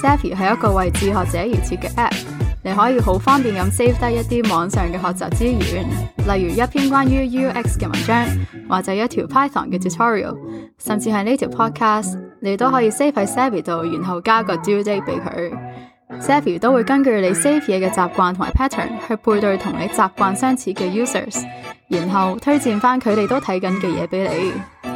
Savvy 係一個為自學者而設嘅 App，你可以好方便咁 save 低一啲網上嘅學習資源，例如一篇關於 UX 嘅文章，或者一條 Python 嘅 tutorial，甚至係呢條 podcast，你都可以 save 喺 Savvy 度，然後加個 due date 俾佢。Savvy 都會根據你 save 嘢嘅習慣同埋 pattern 去配對同你習慣相似嘅 users，然後推薦翻佢哋都睇緊嘅嘢俾你。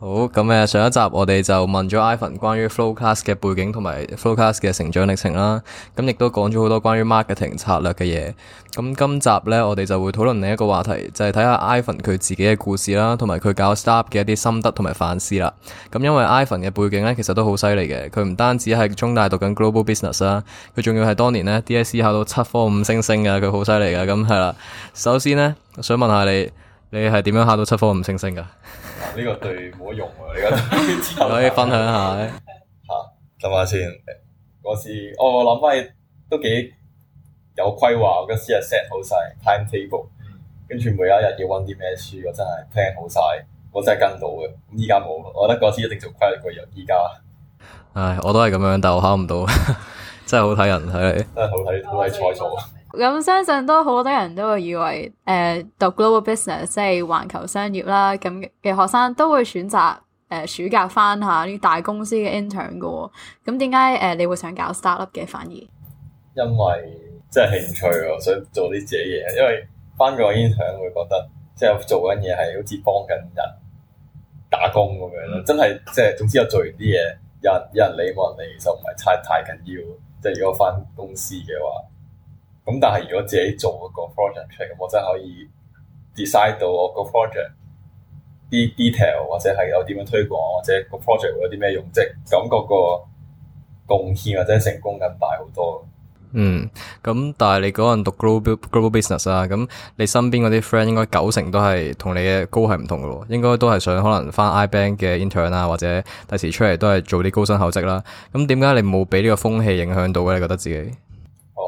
好咁誒，上一集我哋就問咗 Ivan 關於 Flowclass 嘅背景同埋 Flowclass 嘅成長歷程啦，咁亦都講咗好多關於 marketing 策略嘅嘢。咁今集咧，我哋就會討論另一個話題，就係、是、睇下 Ivan 佢自己嘅故事啦，同埋佢搞 Startup 嘅一啲心得同埋反思啦。咁因為 Ivan 嘅背景咧，其實都好犀利嘅，佢唔單止係中大讀緊 Global Business 啦，佢仲要係當年咧 DSE 考到七科五星星嘅，佢好犀利嘅。咁係啦，首先咧，我想問下你。你係點樣考到七科五星星噶？呢個對冇得用啊。你覺得可以分享下咧吓？諗、啊、下先，嗰次我諗翻、哦、起都幾有規劃，嗰次係 set 好晒 timetable，跟住每一日要溫啲咩書，我真係 plan 好晒，我真係跟到嘅。咁依家冇，我覺得嗰次一定做規劃過人。依家唉，我都係咁樣，但我考唔到， 真係好睇人睇，你真係好睇好睇彩數。 咁相信都好多人都會以為，誒、呃，讀 global business 即係環球商業啦。咁嘅學生都會選擇誒、呃、暑假翻下啲大公司嘅 intern 嘅。咁點解誒你會想搞 startup 嘅？反而因為即係興趣、喔，想做啲自己嘢。因為翻個 intern 會覺得即係做緊嘢係好似幫緊人打工咁樣咯。嗯、真係即係總之，我做完啲嘢，人有人理我，冇人理就唔係太太緊要。即係如果翻公司嘅話。咁但係如果自己做一個 project 出嚟，我真係可以 decide 到我個 project 啲 detail 或者係有點樣推廣，或者個 project 會有啲咩用，即係感覺個貢獻或者成功更大好多。嗯，咁但係你嗰陣讀 global global business 啊，咁你身邊嗰啲 friend 應該九成都係同你嘅 goal 係唔同嘅喎，應該都係想可能翻 IBank 嘅 intern 啊，或者第時出嚟都係做啲高薪厚職啦。咁點解你冇俾呢個風氣影響到嘅？你覺得自己？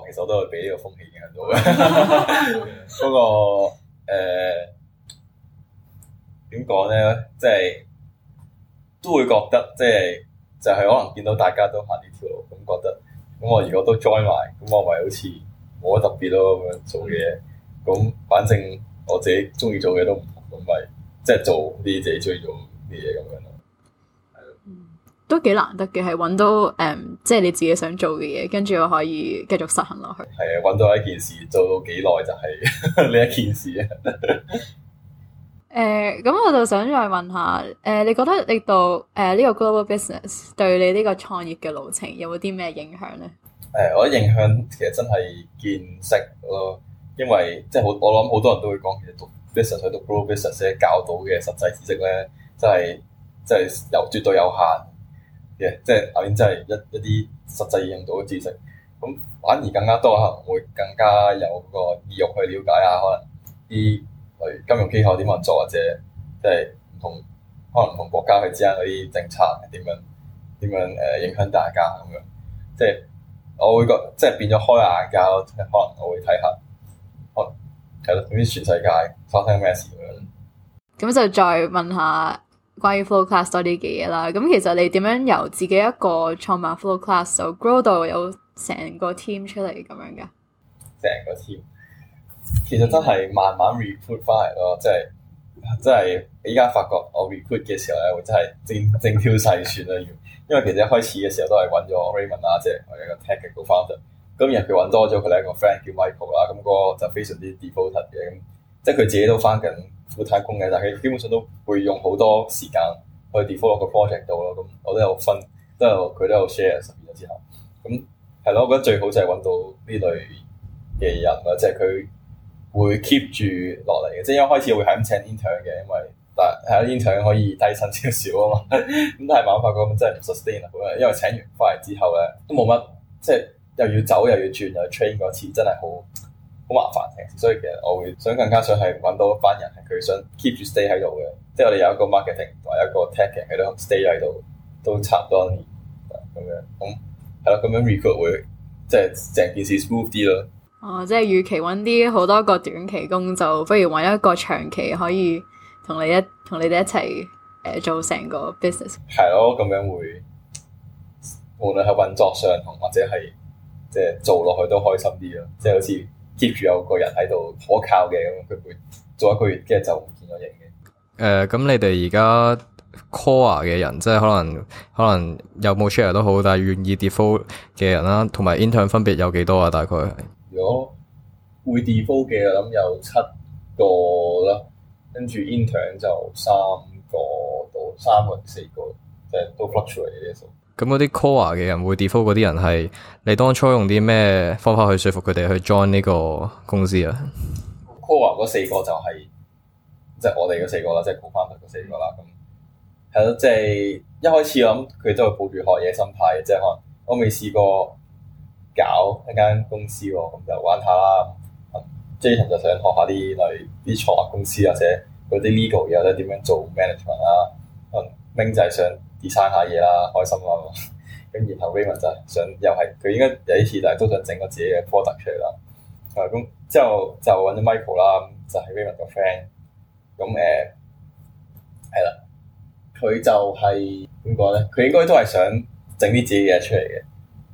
其實我都係俾呢個風氣影響到嘅， 不過誒點講咧？即係都會覺得即係就係、是、可能見到大家都行呢條路，咁覺得咁我如果都 join 埋，咁我咪好似冇得特別咯咁樣做嘢，咁反正我自己中意做嘅都唔同，咁咪即係做啲自己中意做嘅嘢咁樣咯。都幾難得嘅，係揾到誒、嗯，即係你自己想做嘅嘢，跟住又可以繼續實行落去。係啊，揾到一件事做到幾耐就係呢一件事啊。誒、 呃，咁、嗯嗯、我就想再問下誒、呃，你覺得讀誒呢個 global business 對你呢個創業嘅路程有冇啲咩影響咧？誒、呃，我覺得影響其實真係見識咯，因為即係好，我諗好多人都會講其實讀即係純粹讀 global business 嘅教到嘅實際知識咧，真係真係有絕對有限。嘅，yeah, 即係頭先真係一一啲實際用到嘅知識，咁、嗯、反而更加多，可能會更加有個意欲去了解下可能啲誒金融機構點運作，或者即係唔同可能同國家去之間嗰啲政策點樣點樣誒影響大家咁樣，即係我會覺得即係變咗開眼界咯，可能我會睇下，哦係啦，總之全世界發生咩事咁樣。咁就再問下。關於 FlowClass 多啲嘅嘢啦，咁、嗯、其實你點樣由自己一個創辦 FlowClass 就 grow 到有成個 team 出嚟咁樣噶？成個 team 其實真係慢慢 recruit 翻嚟咯，即係真係依家發覺我 recruit 嘅時候咧，我真係精精挑細選啦，要因為其實一開始嘅時候都係揾咗 Raymond 啦，即係我一個 technical founder。然後佢揾多咗佢嘅一個 friend 叫 Michael 啦，嗰個就非常之 devoted 嘅，即係佢自己都翻緊。冇太工嘅，但係基本上都會用好多時間去 develop 個 project 度咯。咁我都有分，都有佢都有 share 十二咗之後。咁係咯，我覺得最好就係揾到呢類嘅人啦，就是，即係佢會 keep 住落嚟嘅。即係一開始會係咁請 intern 嘅，因為但係啊 intern 可以低薪少少啊嘛。咁但係冇辦法講，真係唔 sustain 啊，因為請完翻嚟之後咧都冇乜，即係又要走又要轉又要 train 嗰次，真係好～好麻煩，所以其實我會想更加想係揾到一班人係佢想 keep 住 stay 喺度嘅，即係我哋有一個 marketing 同有一個 tech 人，佢都 stay 喺度都差唔多年咁樣，咁係咯，咁樣 recruit 會即係成件事 smooth 啲咯。哦，即係與其揾啲好多個短期工，就不如揾一個長期可以同你一同你哋一齊誒、呃、做成個 business。係咯，咁樣會無論係運作上同或者係即係做落去都開心啲咯，即係好似。接住有個人喺度可靠嘅，咁佢會做一個月，跟住就唔見咗影嘅。誒，咁你哋而家 Core 嘅人，即係可能可能有冇 share 都好，但係願意 default 嘅人啦、啊，同埋 Intern 分別有幾多啊？大概係如果會 default 嘅，我諗有七個啦，跟住 Intern 就三個到三個四個，即係都 fluctuate 嘅數。咁嗰啲 Core 嘅人，會 default 嗰啲人係你當初用啲咩方法去說服佢哋去 join 呢個公司啊？Core 嗰四個就係即係我哋嗰四個啦，即係古翻嗰四個啦。咁係咯，即係一開始我諗佢都係抱住學嘢心態，即係可能我未試過搞一間公司喎，咁就玩下啦。嗯，Jason 就想學下啲例如啲創立公司或者嗰啲 legal 又或者點樣做 management 啊。嗯，明就係想。design 下嘢啦，開心啦嘛，咁然後 Viva 就想又係佢應該第一次，但係都想整個自己嘅 product 出嚟啦。啊、嗯，咁之後就揾咗 Michael 啦，就係 Viva o 個 friend。咁、嗯、誒，係、嗯、啦，佢就係點講咧？佢應該都係想整啲自己嘅嘢出嚟嘅。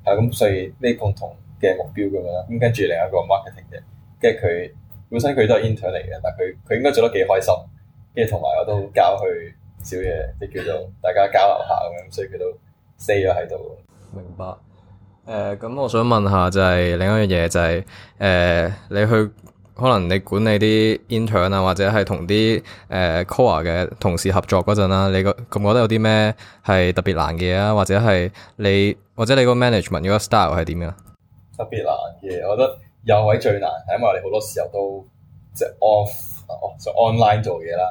係、嗯、咁，所以呢共同嘅目標咁樣。咁跟住另一個 marketing 嘅，跟住佢本身佢都係 intern 嚟嘅，但係佢佢應該做得幾開心。跟住同埋我都的教佢。少嘢，即叫做大家交流下咁，所以佢都 stay 咗喺度。明白。誒、呃，咁我想問下、就是，就係另一樣嘢，就係誒你去可能你管理啲 intern 啊，或者、呃、係同啲誒 core 嘅同事合作嗰陣啦，你覺覺唔覺得有啲咩係特別難嘅啊？或者係你或者你個 management 呢個 style 係點樣特別難嘅，我覺得有位最難，係因為我哋好多時候都即係 off online 做嘢啦，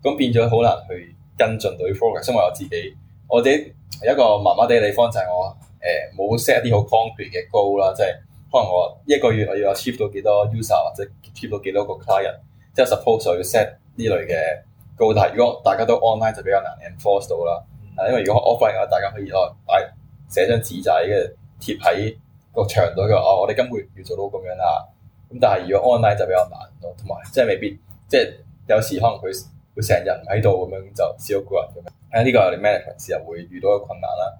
咁、嗯、變咗好難去。跟進隊 progress，因為我自己，我哋有一個麻麻地嘅地方就係我誒冇 set 啲好 concrete 嘅 goal 啦，即係可能我一個月我要有 achieve 到幾多 user 或者 achieve 到幾多個 client，即係 suppose 我要 set 呢類嘅 goal，但係如果大家都 online 就比較難 enforce 到啦。因為如果 offline 嘅話，大家可以哦擺寫張紙仔嘅貼喺個牆度嘅，哦我哋今個月要做到咁樣啦。咁但係如果 online 就比較難咯，同埋即係未必，即係有時可能佢。佢成日唔喺度咁樣，就少咗個人咁樣。誒，呢個我哋 manager 成日會遇到嘅困難啦。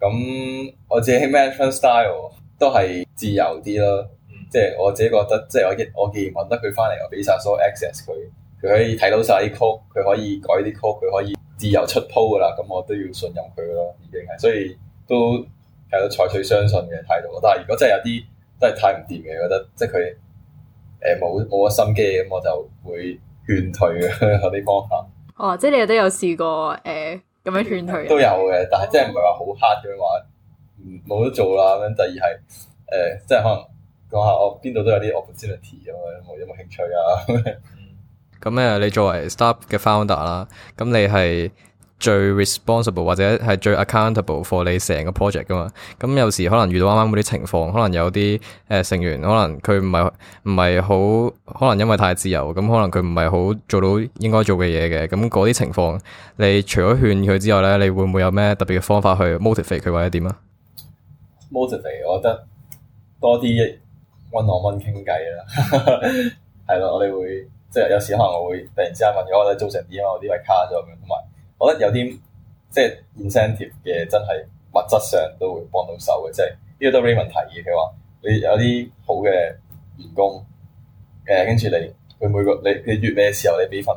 咁我自己 management style 都係自由啲咯。Mm. 即係我自己覺得，即係我我既然揾得佢翻嚟，我俾曬所有 access 佢，佢可以睇到曬啲曲，佢可以改啲曲，佢可以自由出鋪噶啦。咁我都要信任佢咯，已經係，所以都係採取相信嘅態度。但係如果真係有啲都係太唔掂嘅，覺得即係佢誒冇冇乜心機咁、嗯，我就會。勸退嘅有啲方法， 哦，即係你有試、呃、都有試過誒咁樣勸退，呃、都有嘅，但係即係唔係話好黑嘅話，冇得做啦。咁第二係誒，即係可能講下我邊度都有啲 opportunity 啊，有冇有冇興趣啊？咁誒，你作為 Startup 嘅 Founder 啦，咁你係。最 responsible 或者係最 accountable for 你成個 project 噶嘛？咁、嗯嗯、有時可能遇到啱啱嗰啲情況，可能有啲誒、呃、成員，可能佢唔係唔係好，可能因為太自由，咁、嗯、可能佢唔係好做到應該做嘅嘢嘅。咁嗰啲情況，你除咗勸佢之外咧，你會唔會有咩特別嘅方法去 motivate 佢或者點啊？motivate，我覺得多啲溫我溫傾偈啦，係 咯，我哋會即係有時可能我會突然之間問我哋做成點啊？我啲位卡咗咁樣，同埋。我覺得有啲即係 incentive 嘅真係物質上都會幫到手嘅，即係呢個都 Raymond 提議佢話你有啲好嘅員工，誒跟住你佢每個你你月尾嘅時候你俾份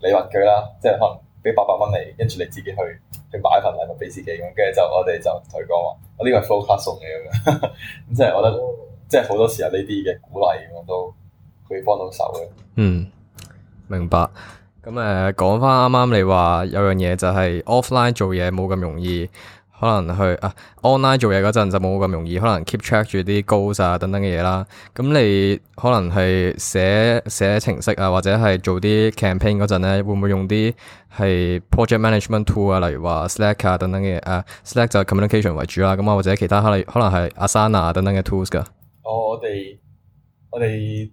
禮物佢啦，即係可能俾八百蚊你，跟住你自己去去買一份禮物俾自己咁，跟住就我哋就同佢講話，我、這、呢個係 Flow card 送你咁樣，咁 即係我覺得即係好多時候呢啲嘅鼓勵咁都可以幫到手嘅。嗯，明白。咁誒講翻啱啱你話有樣嘢就係 offline 做嘢冇咁容易，可能去啊 online 做嘢嗰陣就冇咁容易，可能 keep track 住啲 goals 啊等等嘅嘢啦。咁你可能係寫寫程式啊，或者係做啲 campaign 嗰陣咧，會唔會用啲係 project management tool 啊，例如話 Slack 啊等等嘅誒、啊、Slack 就 communication 為主啦。咁啊，或者其他可能可能係 Asana 等等嘅 tools 噶、哦。我哋我哋。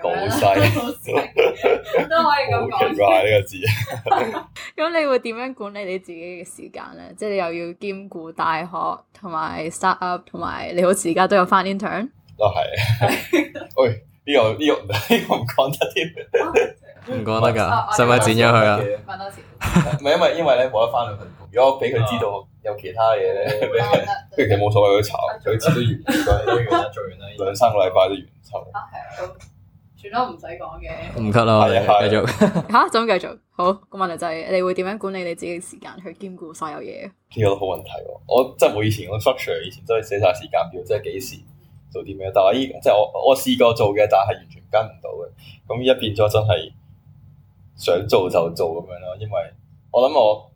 講晒都可以咁講，好奇怪呢個字。咁你會點樣管理你自己嘅時間咧？即係你又要兼顧大學同埋 startup，同埋你好似而家都有翻 intern。都係。喂，呢個呢個呢個唔講得添，唔講得噶，使唔使剪咗佢啊？多時，唔係，因為因為咧冇得翻兩份工。如果俾佢知道有其他嘢咧，跟住佢冇所謂去炒，佢剪都完，都完啦，做完啦，兩三個禮拜都完頭。係啊。算啦，唔使講嘅。唔 cut 啦，啊、繼續。嚇、啊，點 繼續？好，個問題就係你會點樣管理你自己嘅時間去兼顧所有嘢？呢個都好問題喎。我即係我以前我 structure 以前都係寫晒時間表，即係幾時做啲咩。但我依即係我我試過做嘅，但係完全跟唔到嘅。咁依家變咗真係想做就做咁樣咯。因為我諗我。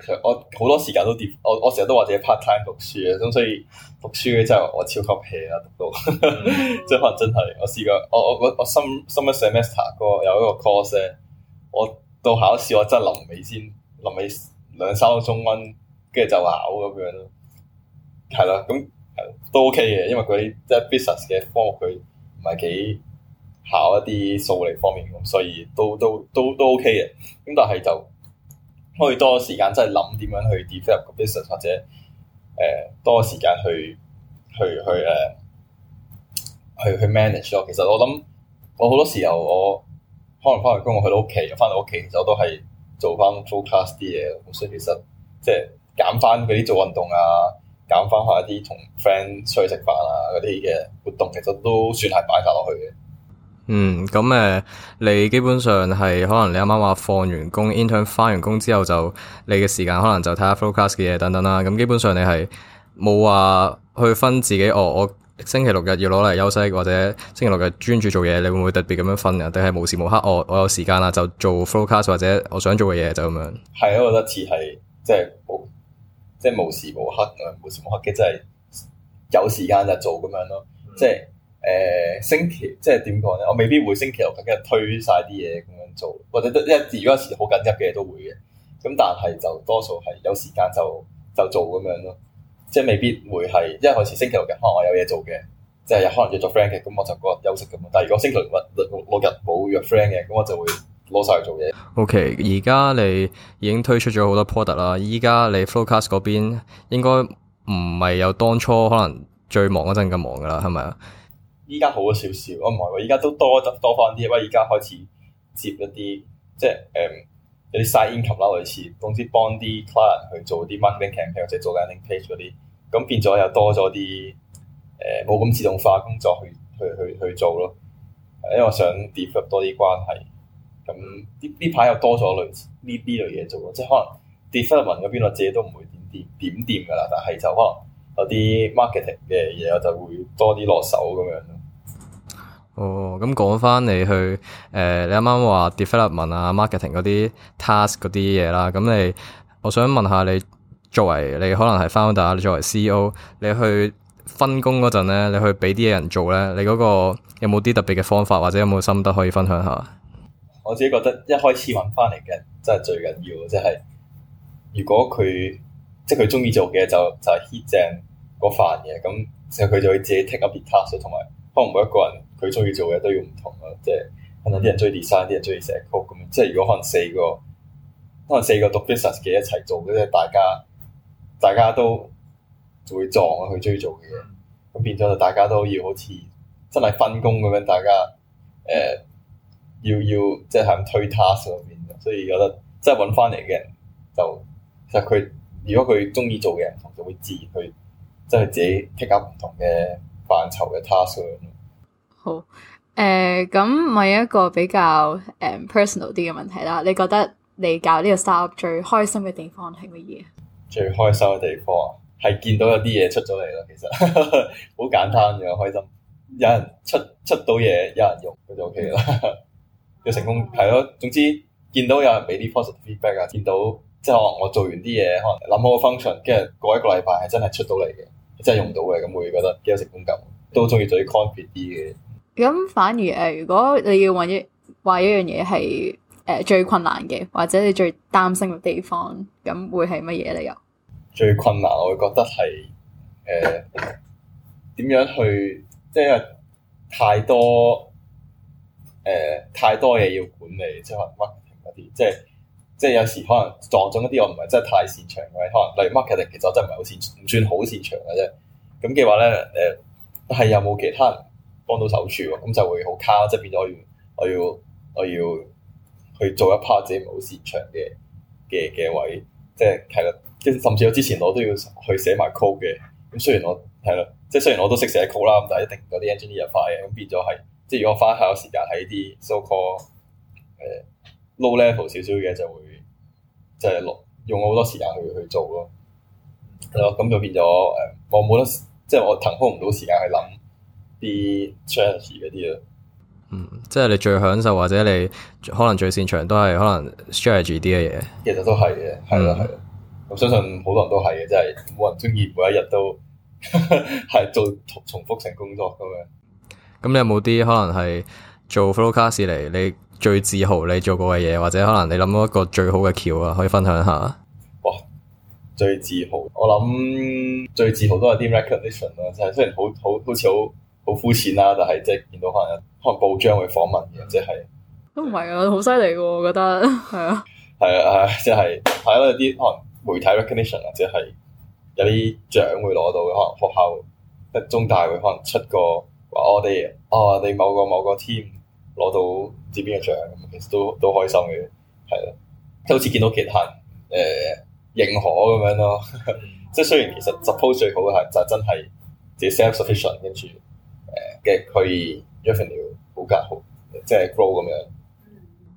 其實我好多時間都跌，我我成日都話自己 part time 讀書啊，咁、嗯、所以讀書嘅真係我超級 hea 啦，讀到即係可能真係我試過，我我我我上上個 semester 嗰個有一個 course 咧，我到考試我真係臨尾先，臨尾兩三個鍾温，跟住就考咁樣咯。係啦，咁、嗯、都 OK 嘅，因為嗰啲即係 business 嘅科目佢唔係幾考一啲數理方面，所以都都都都 OK 嘅。咁但係就。可以多時間真係諗點樣去 develop 個 business，或者誒、呃、多時間去去去誒、呃、去去 manage 咯。其實我諗我好多時候我可能翻完工我去到屋企，翻到屋企其實我都係做翻 full class 啲嘢，咁所以其實即係減翻嗰啲做運動啊，減翻下一啲同 friend 出去食飯啊嗰啲嘅活動，其實都算係擺曬落去嘅。嗯，咁、嗯、誒，你基本上係可能你啱啱話放完工，intern 翻完工之後就你嘅時間可能就睇下 Flowclass 嘅嘢等等啦。咁、嗯、基本上你係冇話去分自己，我、哦、我星期六日要攞嚟休息或者星期六日專注做嘢，你會唔會特別咁樣分啊？定係無時無刻，我我有時間啦就做 Flowclass 或者我想做嘅嘢就咁樣。係啊，我覺得似係即係無即係無時無刻啊，無時無刻嘅即係有時間就做咁樣咯，嗯、即係。誒、呃、星期即係點講咧？我未必會星期六日推晒啲嘢咁樣做，或者得一而嗰陣時好緊急嘅嘢都會嘅。咁但係就多數係有時間就就做咁樣咯，即係未必會係一開始星期六日可能我有嘢做嘅，即係可能約咗 friend 嘅，咁我就嗰日休息咁咯。但係如果星期六,六,六日冇約 friend 嘅，咁我就會攞晒去做嘢。OK，而家你已經推出咗好多 product 啦，依家你 Flowclass 嗰邊應該唔係有當初可能最忙嗰陣咁忙噶啦，係咪啊？依家好咗少少，我唔係喎。依家都多咗多翻啲，不過依家開始接一啲即係誒、嗯、有啲 side income 啦類似，總之幫啲 client 去做啲 marketing campaign 或者做 landing page 嗰啲，咁變咗又多咗啲誒，冇咁自動化工作去去去去做咯。因為我想 develop 多啲關係，咁呢呢排又多咗類呢呢類嘢做，即係可能 development 嗰邊我自己都唔會點掂點掂噶啦，但係就可能，有啲 marketing 嘅嘢，我就會多啲落手咁樣咯。哦，咁講翻你去，誒、呃，你啱啱話 development 啊，marketing 嗰啲 task 嗰啲嘢啦，咁你，我想問下你，作為你可能係 founder，你作為 CEO，你去分工嗰陣咧，你去畀啲嘢人做咧，你嗰個有冇啲特別嘅方法或者有冇心得可以分享下？我自己覺得一開始揾翻嚟嘅，真係最緊要，即係如果佢即係佢鍾意做嘅就就係 hit 正嗰飯嘅咁，所以佢就會自己 take up task 同埋可能每一個人佢中意做嘅都要唔同咯。即係可能啲人中意 design，啲人中意寫曲咁樣。即係如果可能四個，可能四個讀 business 嘅一齊做，即係大家大家都會撞咯。佢中意做嘅嘢。咁變咗就大家都要好似真係分工咁樣，大家誒、呃、要要即係喺推 task 上面。所以覺得即係揾翻嚟嘅人，就其實佢如果佢中意做嘅人，同，就會自然去。即係自己 pick up 唔同嘅範疇嘅 task 咯。好，誒、呃、咁，咪一個比較誒 personal 啲嘅問題啦。你覺得你搞呢個 startup 最開心嘅地方係乜嘢？最開心嘅地方係見到有啲嘢出咗嚟咯。其實好 簡單嘅，開心有人出出到嘢，有人用就 OK 啦。 要成功係咯、哦，總之見到有人俾啲 positive feedback 啊，見到即係我我做完啲嘢，可能諗好個 function，跟住過一個禮拜係真係出到嚟嘅。真係用到嘅，咁會覺得幾有成就感，都中意做啲 confident 啲嘅。咁反而誒、呃，如果你要揾一揾一樣嘢係誒最困難嘅，或者你最擔心嘅地方，咁會係乜嘢咧？又最困難，我會覺得係誒點樣去，即係太多誒、呃、太多嘢要管理，即係 marketing 嗰啲，即係。即係有時可能撞中一啲我唔係真係太擅長嘅，可能例如 marketing 其實我真係唔係好擅唔算好擅長嘅啫。咁嘅話咧，誒係有冇其他人幫到手處，喎？咁就會好卡，即係變咗我要我要我要去做一 part 自己唔好擅長嘅嘅嘅位，即係係啦。即係甚至我之前我都要去寫埋 code 嘅。咁雖然我係啦，即係雖然我都識寫 code 啦，咁但係一定啲 engineer 化嘅，咁變咗係，即係如果我翻學校時間喺啲 so called 誒、呃、low level 少少嘢就會。就係用用好多時間去去做咯，係咯，咁就變咗誒，我冇得，即係我騰空唔到時間去諗啲 strategy 嗰啲咯。嗯，即係你最享受或者你可能最擅長都係可能 strategy 啲嘅嘢。其實都係嘅，係啦，係啦，嗯。咁我相信好多人都係嘅，即係冇人中意每一日都係 做重複性工作咁樣。咁你有冇啲可能係做 Flowclass 嚟？你？最自豪你做過嘅嘢，或者可能你諗到一個最好嘅橋啊，可以分享一下。哇！最自豪，我諗最自豪都係啲 recognition 啦，即係雖然好好好似好好膚淺啦，但係即係見到可能可能報章會訪問嘅，即係都唔係啊，好犀利噶，我覺得係 啊，係啊、 即係，即係係咯，有啲可能媒體 recognition 啊，即係有啲獎會攞到嘅，可能學校一中大會可能出個話、哦，我哋啊，你某個某個 team 攞到。接邊嘅獎，其實都都開心嘅，係咯，就好似見到其他人誒認可咁樣咯。即係雖然其實 suppose 最好嘅係就是、真係自己 self sufficient，跟住誒嘅、呃、可以 revenue 好緊好，即係 grow 咁樣。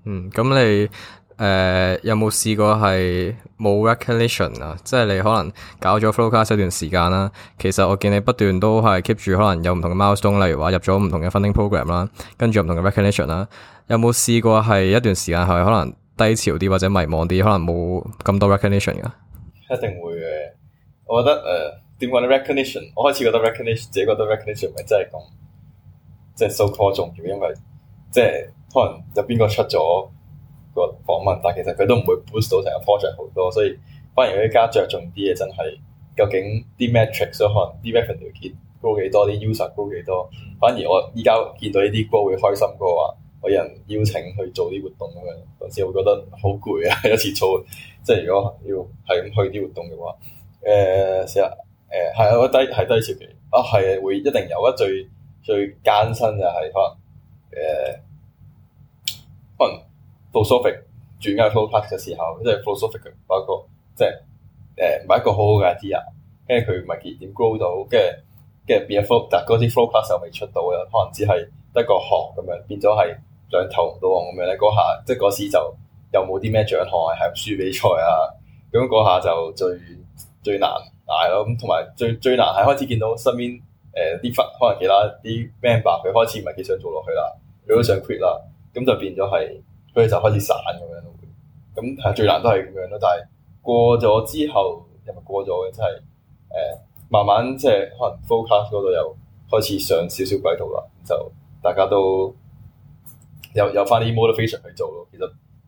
嗯，咁你誒、呃、有冇試過係冇 recognition 啊？即係你可能搞咗 Flowclass 一段時間啦、啊，其實我見你不斷都係 keep 住可能有唔同嘅 milestone，例如話入咗唔同嘅 funding program 啦、啊，跟住唔同嘅 recognition 啦。有冇試過係一段時間係可能低潮啲或者迷茫啲，可能冇咁多 recognition 噶？一定會嘅。我覺得誒點講咧，recognition 我開始覺得 recognition 自己覺得 recognition 咪真係咁，即係 so called 重要。因為即係可能有邊個出咗個訪問，但其實佢都唔會 boost 到成個 project 好多。所以反而佢而家着重啲嘅真係究竟啲 metrics 可能啲 revenue 高幾多，啲 user 高幾多。反而我依家見到呢啲歌會開心啲啊！有人邀請去做啲活動咁樣，嗰陣時我會覺得好攰啊！ 一次做，即係如果要係咁去啲活動嘅話，誒成日誒係我低係低潮期，啊係會一定有一最最艱辛就係、係、可能誒、呃、可能 flow surfing 轉入 Flowclass 嘅時候，即係 flow surfing 包括即係誒唔係一個好好嘅 idea，跟住佢唔係點 grow 到，跟住跟住變咗 Flowclass，但係嗰啲 Flowclass 又未出到嘅，可能只係得個學咁樣變咗係。兩頭唔到咁樣咧，嗰下即係嗰時就又冇啲咩獎項，係輸比賽啊，咁嗰下就最最難捱咯。咁同埋最最難係開始見到身邊誒啲分，可能其他啲 member 佢開始唔係幾想做落去啦，佢都想 quit 啦，咁就變咗係佢哋就開始散咁樣咯。咁係最難都係咁樣咯，但係過咗之後又咪過咗嘅，即係誒慢慢即係可能 full class 嗰度又開始上少少軌道啦，就大家都。有有翻啲 motivation 去做咯，其實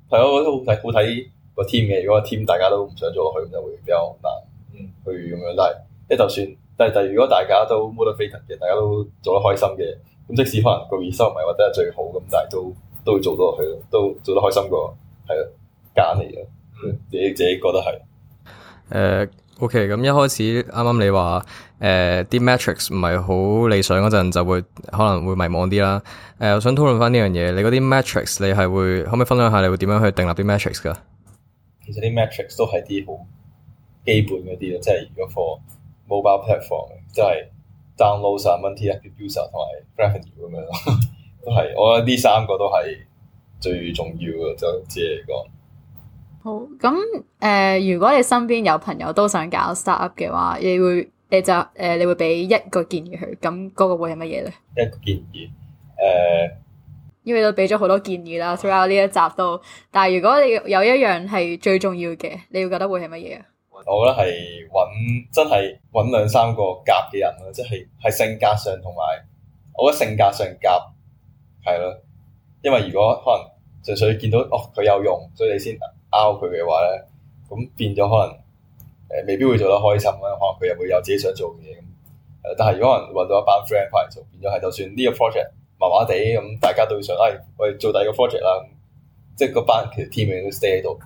係咯，都好睇好睇個 team 嘅。如果個 team 大家都唔想做落去，咁就會比較難去。去咁樣，但係即係就算，但係但係如果大家都 motivation 嘅，大家都做得開心嘅，咁即使可能個 result 唔係話真係最好咁，但係都都會做到落去咯，都做得開心過，係咯，揀嚟嘅，自己、嗯、自己覺得係。誒、嗯。O.K. 咁一開始啱啱你話誒啲、呃、metrics 唔係好理想嗰陣就會可能會迷茫啲啦。誒、呃，我想討論返呢樣嘢，你嗰啲 metrics 你係會可唔可以分享下你會點樣去訂立啲 metrics 噶？其實啲 metrics 都係啲好基本嗰啲咯，即係如果個 mobile platform 即係、就是、downloads 啊、monthly active user 同、啊、埋、啊、revenue 咁樣咯，都係我覺得呢三個都係最重要嘅，就即係嚟講。好咁誒、呃，如果你身邊有朋友都想搞 startup 嘅話，你會你就誒、呃，你會俾一個建議佢咁嗰個會係乜嘢咧？一個建議誒，呃、因為都俾咗好多建議啦。Throughout 呢一集都，但係如果你有一樣係最重要嘅，你會覺得會係乜嘢啊？我覺得係搵真係搵兩三個夾嘅人咯，即係係性格上同埋我覺得性格上夾係咯，因為如果可能純粹見到哦佢有用，所以你先。Out 佢嘅話咧，咁變咗可能誒、呃，未必會做得開心啦。可能佢又會有自己想做嘅嘢咁。誒，但係如果可能揾到一班 friend 返嚟做，變咗係就算呢個 project 麻麻地咁，大家都會想誒、哎，我哋做第二個 project 啦、嗯。即係嗰班其實 team 員都 stay 喺度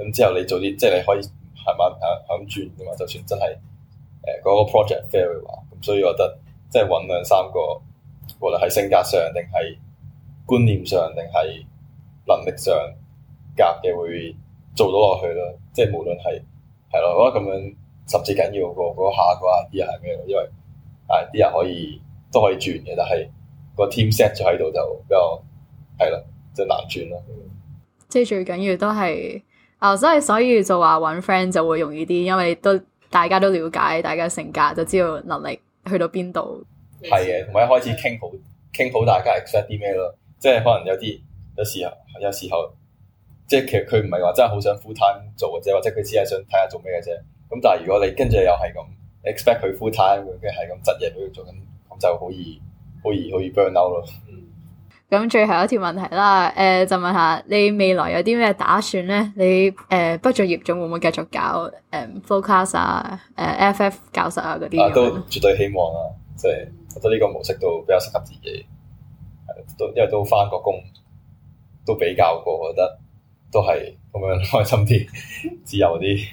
咁。之後你做啲即係你可以係嘛，係咁轉噶嘛。就算真係誒嗰個 project fail 嘅話，咁、嗯、所以我覺得即係揾兩三個，無論係性格上定係觀念上定係能力上夾嘅會。做到落去咯，即係無論係係咯，我覺得咁樣甚至緊要過嗰下啩，啲人係咩咯？因為啊啲人可以都可以轉嘅，但係個 team set 咗喺度就比較係啦，就係難轉咯。即係最緊要都係啊，所以所以就話揾 friend 就會容易啲，因為都大家都了解大家性格，就知道能力去到邊度。係嘅，同埋一開始傾好傾好，聊聊大家 expect 啲咩咯？即係可能有啲有時候有時候。即係其實佢唔係話真係好想 full time 做嘅啫，或者佢只係想睇下做咩嘅啫。咁但係如果你跟住又係咁 expect 佢 full time，跟住係咁執嘢俾佢做咁，咁就好易、好易、好易 burn out 咯。嗯。咁最後一條問題啦，誒、呃、就問下你未來有啲咩打算咧？你誒畢咗業仲會唔會繼續搞誒、嗯、Flowclass 啊、誒、呃、FF 教室啊嗰啲啊？都絕對希望啊，即、就、係、是、覺得呢個模式都比較適合自己。都因為都翻過工，都比較過，我覺得。都係咁樣開心啲，自由啲。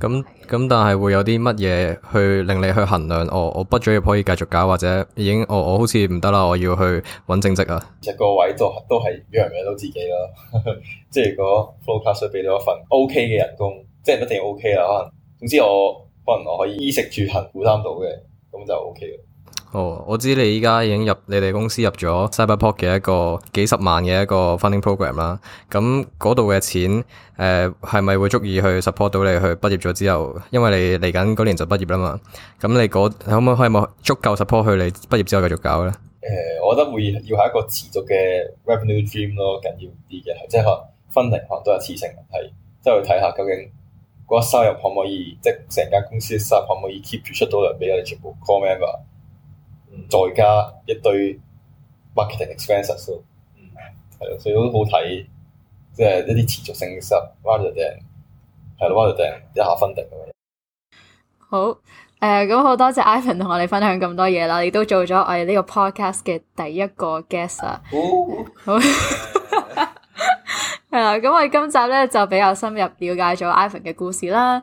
咁咁、嗯嗯，但係會有啲乜嘢去令你去衡量？哦、我我畢咗業可以繼續搞，或者已經我、哦、我好似唔得啦，我要去揾正職啊。一個位都讓都係養唔養到自己咯？ 即係如果 Flowclass 俾到一份 O K 嘅人工，即係一定 O K 啦。可能總之我可能我可以衣食住行負擔到嘅，咁就 O K 啦。哦，oh，我知你而家已經入你哋公司入咗 Cyberport 嘅一個幾十萬嘅一個 funding program 啦。咁嗰度嘅錢，誒係咪會足以去 support 到你去畢業咗之後因為你嚟緊嗰年就畢業啦嘛。咁你，你可唔可唔可以冇足夠 support 去你畢業之後繼續搞咧？誒、呃，我覺得會要係一個持續嘅 revenue dream 咯，緊要啲嘅，即係可能 funding 可能都係一次性問題，即係去睇下究竟嗰個收入可唔可以，即係成間公司嘅收入可唔可以 keep 住出到嚟俾我哋全部 co member 再加一堆 marketing expenses，嗯，係咯，所以都好睇，即係一啲持續性嘅收入，rather than 係咯，rather than 一下分定咁樣。好，誒、呃，咁好多謝 Ivan 同我哋分享咁多嘢啦，亦都做咗我哋呢個 podcast 嘅第一個 guest 啦。Oh. 好，係啦，咁我哋今集咧就比較深入了解咗 Ivan 嘅故事啦。